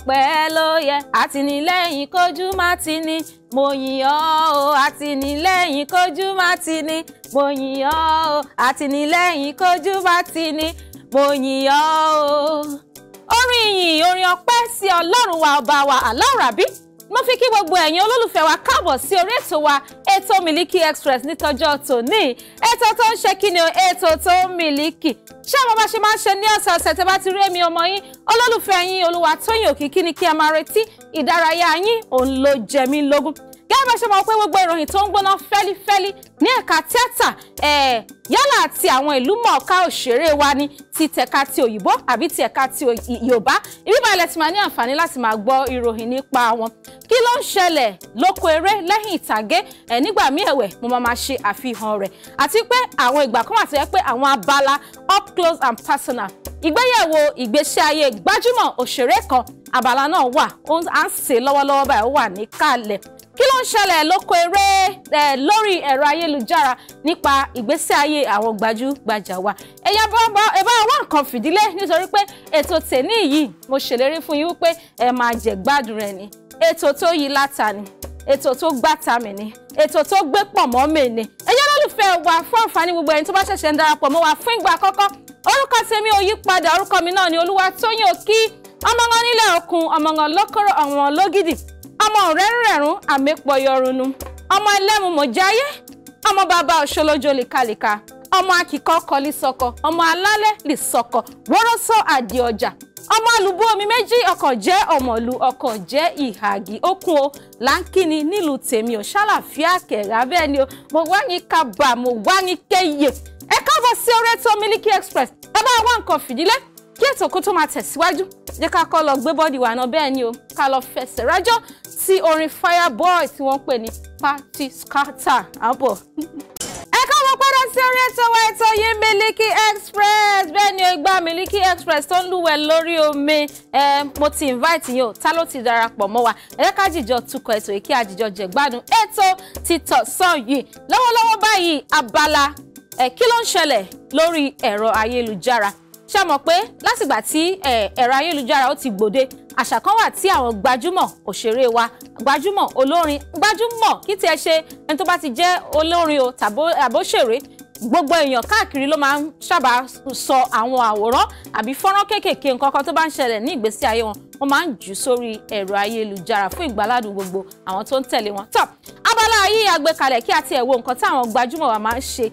ọpẹ́ ló yẹ àtìlẹ́yìn kójú má ti mo yìn ọ́ o àtìlẹ́yìn kójú má mo yìn ọ́ o àtìlẹ́yìn kójú má mo yìn ọ́ o. orin ìyìn orin ọpẹ́ sí ọlọ́run wa ọba wa aláwọ̀ rabi mo fi kí gbogbo ẹ̀yin olólùfẹ́ wa káàbọ̀ sí orí ètò wa ètò Miliki Express nítọ́jọ́ tòní ètò tó ń ṣe kíni o ètò tó ń miliki ṣé àwọn bá ṣe máa ń ṣe ní ọ̀sẹ̀ọ̀sẹ̀ tẹ́ bá ti rí èmi ọmọ yín olólùfẹ́ yín Olúwatóyìn Òkìkí ni kí ẹ máa retí ìdárayá yín òun ló jẹ mí lógún gẹ́gẹ́ bá ṣe mọ̀ pé gbogbo ìròyìn tó ń gbóná fẹ́lifẹ́li ní ẹ̀ka tíátà yálà àti àwọn ìlú mọ̀ọ́ká òṣèré wa ni ti tẹ̀ka ti òyìnbó àbí ti ẹ̀ka ti yorùbá ìbíbalẹ̀ ti máa ní àǹfààní láti máa gbọ́ ìròyìn nípa wọn kí ló ń ṣẹlẹ̀ lóko eré lẹ́yìn ìtàgé ẹ̀ nígbà míì ẹ̀wẹ̀ mo máa ma ṣe àfihàn rẹ̀ àti pé àwọn ìgbà kan wà tó yẹ pé àwọn abala up close and personal ìgbéyẹ̀wò ìgbésí ayé gbajúmọ̀ òṣèré kan abala náà wà à ń ṣe lọ́wọ́lọ́wọ́ báyìí ó wà níkàlẹ̀ ń ṣẹlẹ̀ lóko eré ẹ̀ lórí ẹ̀rọ ayélujára nípa ìgbésí ayé àwọn gbajú-gbajà wa ẹ̀yà bọ́ọ̀bọ́ ẹ bá wá nǹkan fìdílé nítorí pé ètò tèní yìí mo ṣèlérí fún yín wípé ẹ máa jẹ gbádùn rẹ̀ ni ètò tó yí láta ni ètò tó gbàtà mí ni ètò tó gbé pọ̀ mọ́ mi ni ẹ̀yà lólùfẹ́ wa fún àǹfààní gbogbo ẹni tó bá ṣẹ̀ṣẹ̀ ń darapọ̀ mọ́ wa fún ìgbà àkọ́kọ́ orúkọ tèmi ò yí padà orúkọ mi náà ni Olúwatóyìn Òkí ọmọ wọn nílẹ̀ òkun ọmọ wọn lókòrò ọmọ rẹ́rùnrẹ̀rún àmẹ́pọ̀ yọrùnú ọmọ ẹlẹ́mùmọ̀ jáyé ọmọ bàbá òṣòlójó lìkàlìkà ọmọ akíkọ́ kọlí sọkọ ọmọ alálẹ́ lè sọkọ wọ́rọ́sọ àdì ọjà ọmọ àlùbọ́ omi méjì ọkọ̀ jẹ́ ọmọlú ọkọ̀ jẹ́ ìhàgì okun o láńkíni nílùú tèmi ò ṣàlàfíà kẹ̀rẹ́ abẹ́ ni o mo wá ní kábà mo wá ní kéye ẹ káàbọ̀ sí orí ètò Miliki Express ẹ bá wá nǹkan fìdílé kí ètò kó tó máa tẹ̀síwájú jẹ́ ká kọ́ lọ gbé bọ́dì wà náà bẹ́ẹ̀ ni o ká lọ fẹsẹ̀ rájọ́ tí orin Fireboys tí wọ́n ń pè ní party scatter abo? ẹ káwọn padà sí orí ètò wa ètò yìí Miliki Express bẹ́ẹ̀ ni ìgbà Miliki Express tó ń lúwẹ̀ lórí omi mo ti invite yín o ta ló ti darapọ̀ mọ́ wa ẹ jẹ́ ká jìjọ tukọ̀ ètò yìí kí àjìjọ jẹ̀gbádùn ètò títọ̀sán yìí lọ́wọ́lọ́wọ́ báyìí abala kí ló ń ṣẹlẹ̀ lórí ẹ̀rọ ayélujára ṣe mọ̀ pé látìgbà tí ẹ̀rọ ayélujára ó ti gbòde àṣà kan wà tí àwọn gbajúmọ̀ òṣèré wa gbajúmọ̀ olórin gbajúmọ̀ kí tiẹ̀ ṣe ẹni tó bá ti jẹ́ olórin o tàbóṣèré gbogbo èèyàn káàkiri ló máa ń sábà sọ àwọn àwòrán àbí fọ́nrán kéékèèké nǹkan kan tó bá ń ṣẹlẹ̀ ní ìgbésí ayé wọn wọ́n máa ń jù sórí ẹ̀rọ ayélujára fún ìgbàládùn gbogbo àwọn tó ń tẹ̀lé wọn. tọ́ abala yìí àgbékalẹ̀ kí a tiẹ̀ wo nǹkan táwọn gbajúmọ̀ wa máa ń ṣe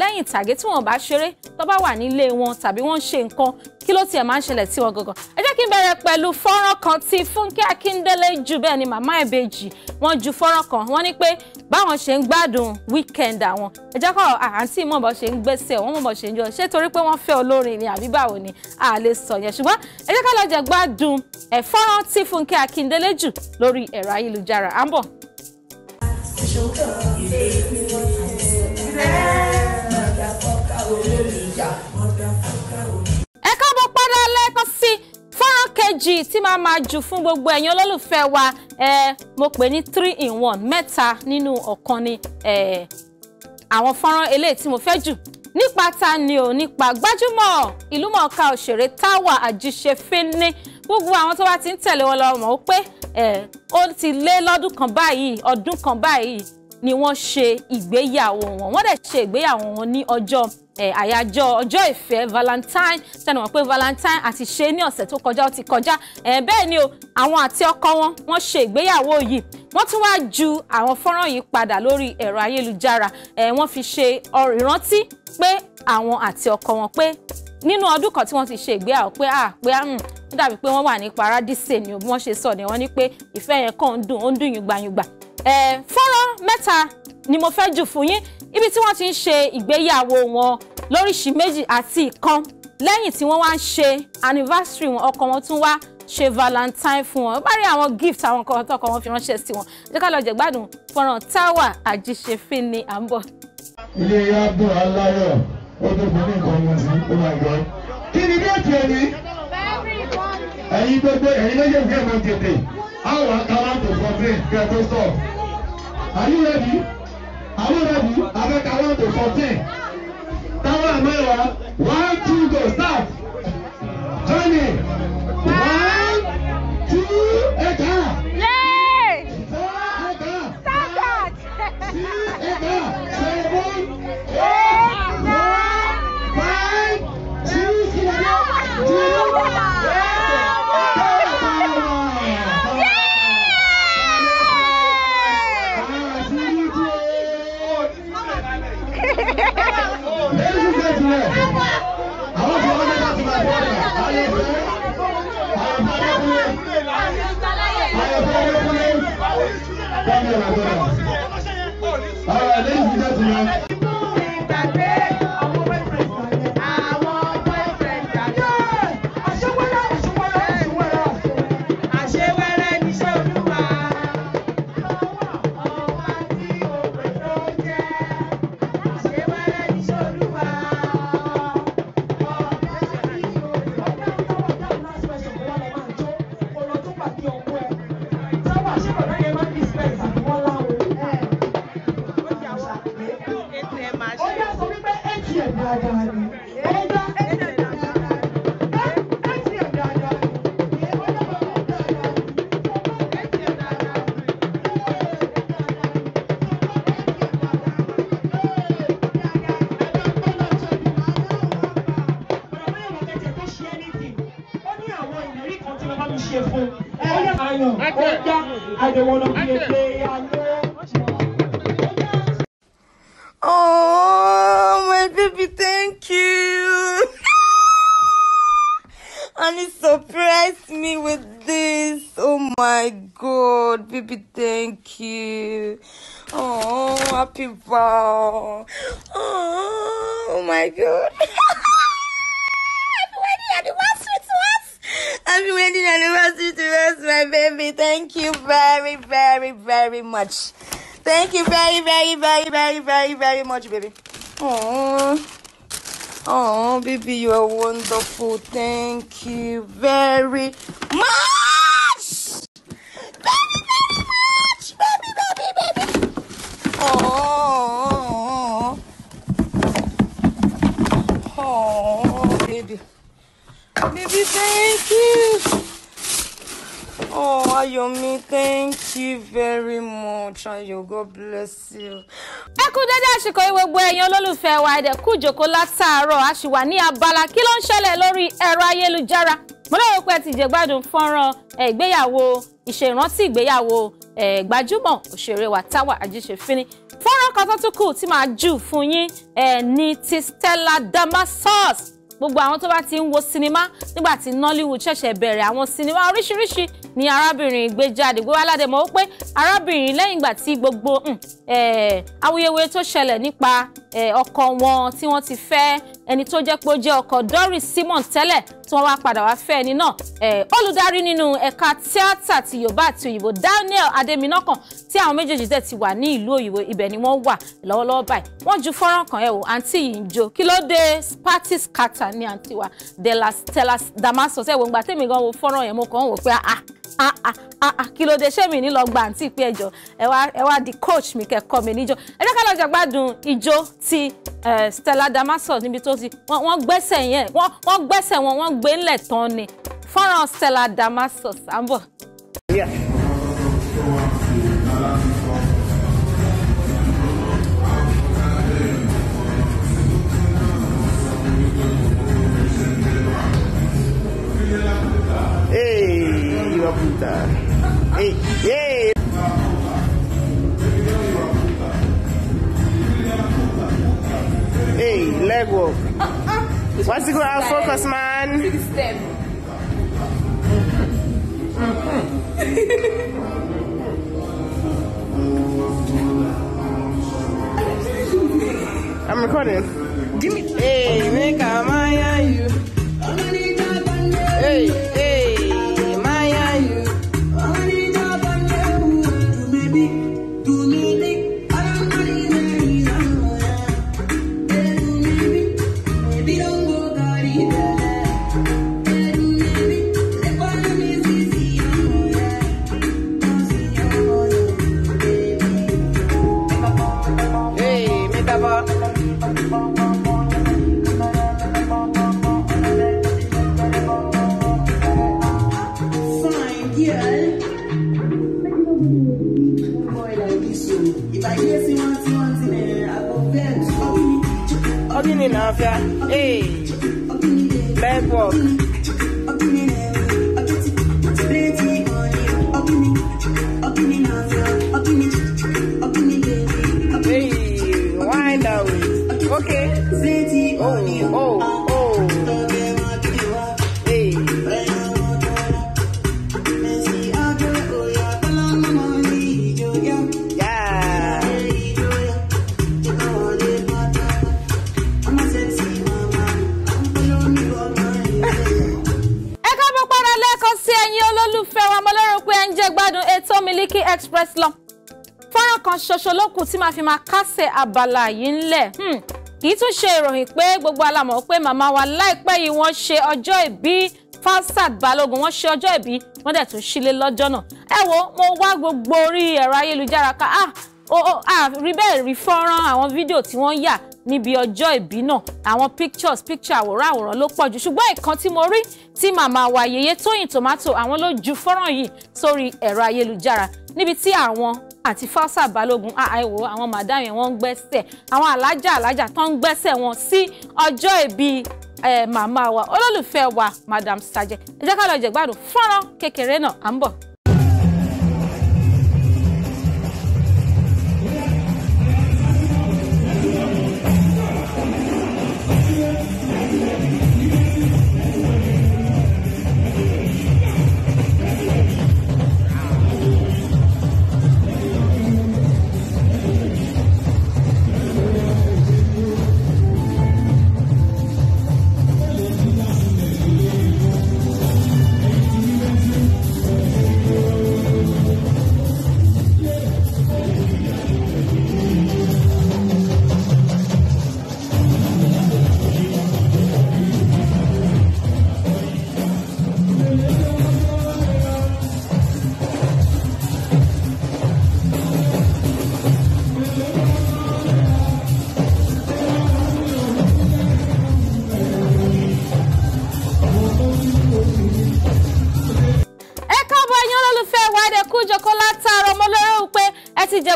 lẹ́yìn tàgé tí wọ́n bá ṣeré tó bá wà nílé wọn tàbí wọ́n ń ṣe nǹkan kí ló tiẹ̀ máa ń ṣẹlẹ̀ sí wọn gangan ẹ jẹ́ kí n bẹ̀rẹ̀ pẹ̀lú fọ́nrán kan tí Fúnkẹ́ Akíndélé jù bẹ́ẹ̀ ni màmá ìbejì wọ́n ju fọ́nrán kan wọ́n ní pé báwọn ṣe ń gbádùn weekend àwọn ẹ jẹ́ kọ́ àǹtí mọ̀ bọ́ ṣe ń gbẹ́sẹ̀ wọ́n mọ̀ bọ́ ṣe ń jọ ṣé torí pé wọ́n fẹ́ olórin ni àbí báwo ni a lè sọ yẹn ṣùgbọ́n ẹ jẹ́ ká lọ jẹ gbádùn ẹ̀ fọ́nrán tí Fúnkẹ́ Akíndélé jù lórí ẹ̀rọ ayélujára à ń bọ̀. Motherfucker, olórí oh, ìyá, motherfucker, olórí. Oh, méjì tí màá máa jù fún gbogbo ẹ̀yin olólùfẹ́ wa mo pè ní three in one mẹ́ta nínú ọ̀kan ni àwọn fọ́nrán eléyìí tí mo fẹ́ jù nípa ta ni ò nípa gbajúmọ̀ ìlúmọ̀ọ́ká òṣèré Táwà Àjíṣefínní gbogbo àwọn tó bá ti ń tẹ̀lé wọn lọ mọ̀ ó pé ó ti lé lọ́dún kan báyìí ọdún kan báyìí ni wọ́n ṣe ìgbéyàwó wọn wọ́n dẹ̀ ṣe ìgbéyàwó wọn ní ọjọ́ àyájọ́ ọjọ́ ìfẹ́ valentine tẹnu wọn pé valentine àti ṣe ní ọ̀sẹ̀ tó kọjá ó ti kọjá bẹ́ẹ̀ ni o àwọn àti ọkọ wọn wọ́n ṣe ìgbéyàwó yìí wọ́n tún wá ju àwọn fọ́nrán yìí padà lórí ẹ̀rọ ayélujára wọ́n fi ṣe ìrántí pé àwọn àti ọkọ wọn pé nínú ọdún kan tí wọ́n ti ṣe ìgbéyàwó pé à ah, pé à hmm, ń dàbí pé wọ́n wà ní paradise ni bí wọ́n ṣe sọ ni wọ́n ní pé ìfẹ́ yẹn kàn ń dùn ó ń dùn yùngbàyùngbà Eh, fọ́nrán mẹ́ta ni mo fẹ́ jù fún yín ibi tí wọ́n ti ń ṣe ìgbéyàwó wọn lóríṣìí méjì àti ìkan lẹ́yìn tí wọ́n wá ń ṣe anniversary wọn ọkọ wọn tún wá ṣe valentine fún wọn bá rí àwọn gift àwọn kan tọkọ wọn fi ránṣẹ́ sí wọn jẹ́ ká lọ jẹ̀gbádùn fọ́nrán táwà àjíṣefín ni à ń bọ̀. ilé ya dùn aláyọ̀ ó tó fún ní nǹkan ọmọ sí ó máa gbọ́ kí ni déètì ẹni ẹ̀yin gbogbo ẹ̀yin méjèèjì ẹ̀ máa tètè àwọn àkàrà tó fọ́ọ̀tì kẹ́ẹ̀ tó sọ̀rọ̀. Are you ready? Are you ready? I think I want to fourteen. Táwọn àmọ́ one two go start. Join me. One two ẹ̀ka. Yeah. Thank you. I don't want to be a player, Oh, my baby, thank you. and he surprised me with this. Oh my god, baby, thank you. Oh, happy wow. Oh, oh my god. wedding anniversary to us, my baby. Thank you very, very, very much. Thank you very, very, very, very, very, very much, baby. Oh. Oh, baby, you are wonderful. Thank you very much. baby, very much. Baby, baby, baby. Oh. Oh, baby. Baby, thank you. Oh, Ayomi, thank you very much. Ayo, God bless you. Ẹ kú dédé àsìkò yìí gbogbo ẹ̀yin olólùfẹ́ wa ẹ̀dẹ̀ kú ìjòkó látàárọ̀ a sì wà ní abala kí ló ń ṣẹlẹ̀ lórí ẹ̀rọ ayélujára. Mo lérò pé ẹ ti jẹ̀gbádùn fọ́nrán ìgbéyàwó ìṣe ìrántí ìgbéyàwó gbajúmọ̀ òṣèré wa Táwà Ajíṣefínní. Fọ́nrán kan tó tún kù tí màá jù fún yín ní ti Stella Damasus gbogbo àwọn tó bá ti ń wo sinimá nígbà tí Nollywood ṣẹ̀ṣẹ̀ bẹ̀rẹ̀ àwọn sinimá oríṣiríṣi ni arábìnrin gbé jáde gbogbo aládé mọ̀ ó pé arábìnrin lẹ́yìn ìgbà tí gbogbo mm, eh, awuyewuye tó ṣẹlẹ̀ nípa ọkọ wọn tí wọ́n ti fẹ́ ẹni tó jẹ́ pé ó jẹ́ ọkọ Doris Simon tẹ́lẹ̀ tí wọ́n wá padà wá fẹ́ ẹni náà olùdarí nínú ẹ̀ka tíátà ti Yorùbá àti òyìnbó Daniel Adéminọ́kàn tí àwọn méjèèjì dẹ̀ ti wà ní ìlú òyìnbó ibẹ̀ ni wọ́n wà lọ́wọ́lọ́wọ́ báyìí wọ́n ju fọ́nrán kan ẹ̀ wò àǹtí yìí ń jó kí ló dé party scatter ní àǹtí wa de la Stella Damasus ẹ̀ wò ńgbà tèmi gan wo fọ́nrán yẹn mo kàn ń wò pé ah, ah Ah, ah, ah, ah kí ló dé ṣé mi ní lọ gba àǹtí ìpín ẹjọ ẹ wá di coach mi kẹ́kọ̀ọ́ mi níjó ẹ jẹ́ ká lọ jàgbádùn ijó ti Stella Damasus níbi tó ti wọ́n gbẹ́sẹ̀ yẹn wọ́n gbẹ́sẹ̀ wọn wọ́n gbé ńlẹ̀ tán ni fọ́nrán Stella Damasus à Yeah. puta. Hey, yay! Hey, leg walk. What's the good focus, man? I'm recording. Give me. Hey, you. Hey. Omi na hey, bad walk. Hey, wind out. Okay. Oh. kan sí ẹ̀yin olólùfẹ́ wa mo lérò pé ẹ ń jẹ gbádùn ètò Miliki Express lọ fọ́nrán kan ṣoṣo ló kù tí màá fi máa kásẹ̀ abala yìí ńlẹ̀ hmm, kì í tún ṣe ìròyìn pé gbogbo alamọ̀ pé màmá wa láìpẹ́ yìí wọ́n ṣe ọjọ́ ìbí Fausat Balógun wọ́n ṣe ọjọ́ ìbí wọ́n dẹ̀ tún sílé lọ́jọ́ náà ẹ wo mo wá gbogbo orí ẹ̀rọ ayélujára ká ah oh ah rí bẹ́ẹ̀ rí fọ́nrán àwọn fídíò tí wọ́n yà níbi ọjọ́ ìbí náà àwọn pictures picture àwòrán àwòrán ló pọ̀ jù ṣùgbọ́n ìkan tí mo rí tí màmá wa yèyé tóyìn tomato àwọn ló ju fọ́nrán yìí sórí ẹ̀rọ ayélujára níbi tí àwọn àti fáṣà balógun àìwò àwọn màdámù yẹn wọ́n ń gbẹ́sẹ̀ àwọn alájà alájà tó ń gbẹ́sẹ̀ wọn sí ọjọ́ ìbí màmá wa olólùfẹ́ wa madam sajẹ ẹ jẹ́ ká lọ jẹ̀gbádùn fọ́nrán kékeré náà à ń bọ̀.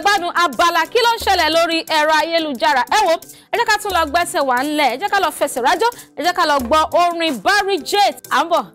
gbádùn abala kí ló ń ṣẹlẹ̀ lórí ẹ̀rọ ayélujára ẹ wo ẹ jẹ́ ká tún lọ gbẹ́sẹ̀ wà ńlẹ̀ ẹ jẹ́ ká lọ fẹsẹ̀ rájọ́ ẹ jẹ́ ká lọ gbọ́ orin Barry Jade à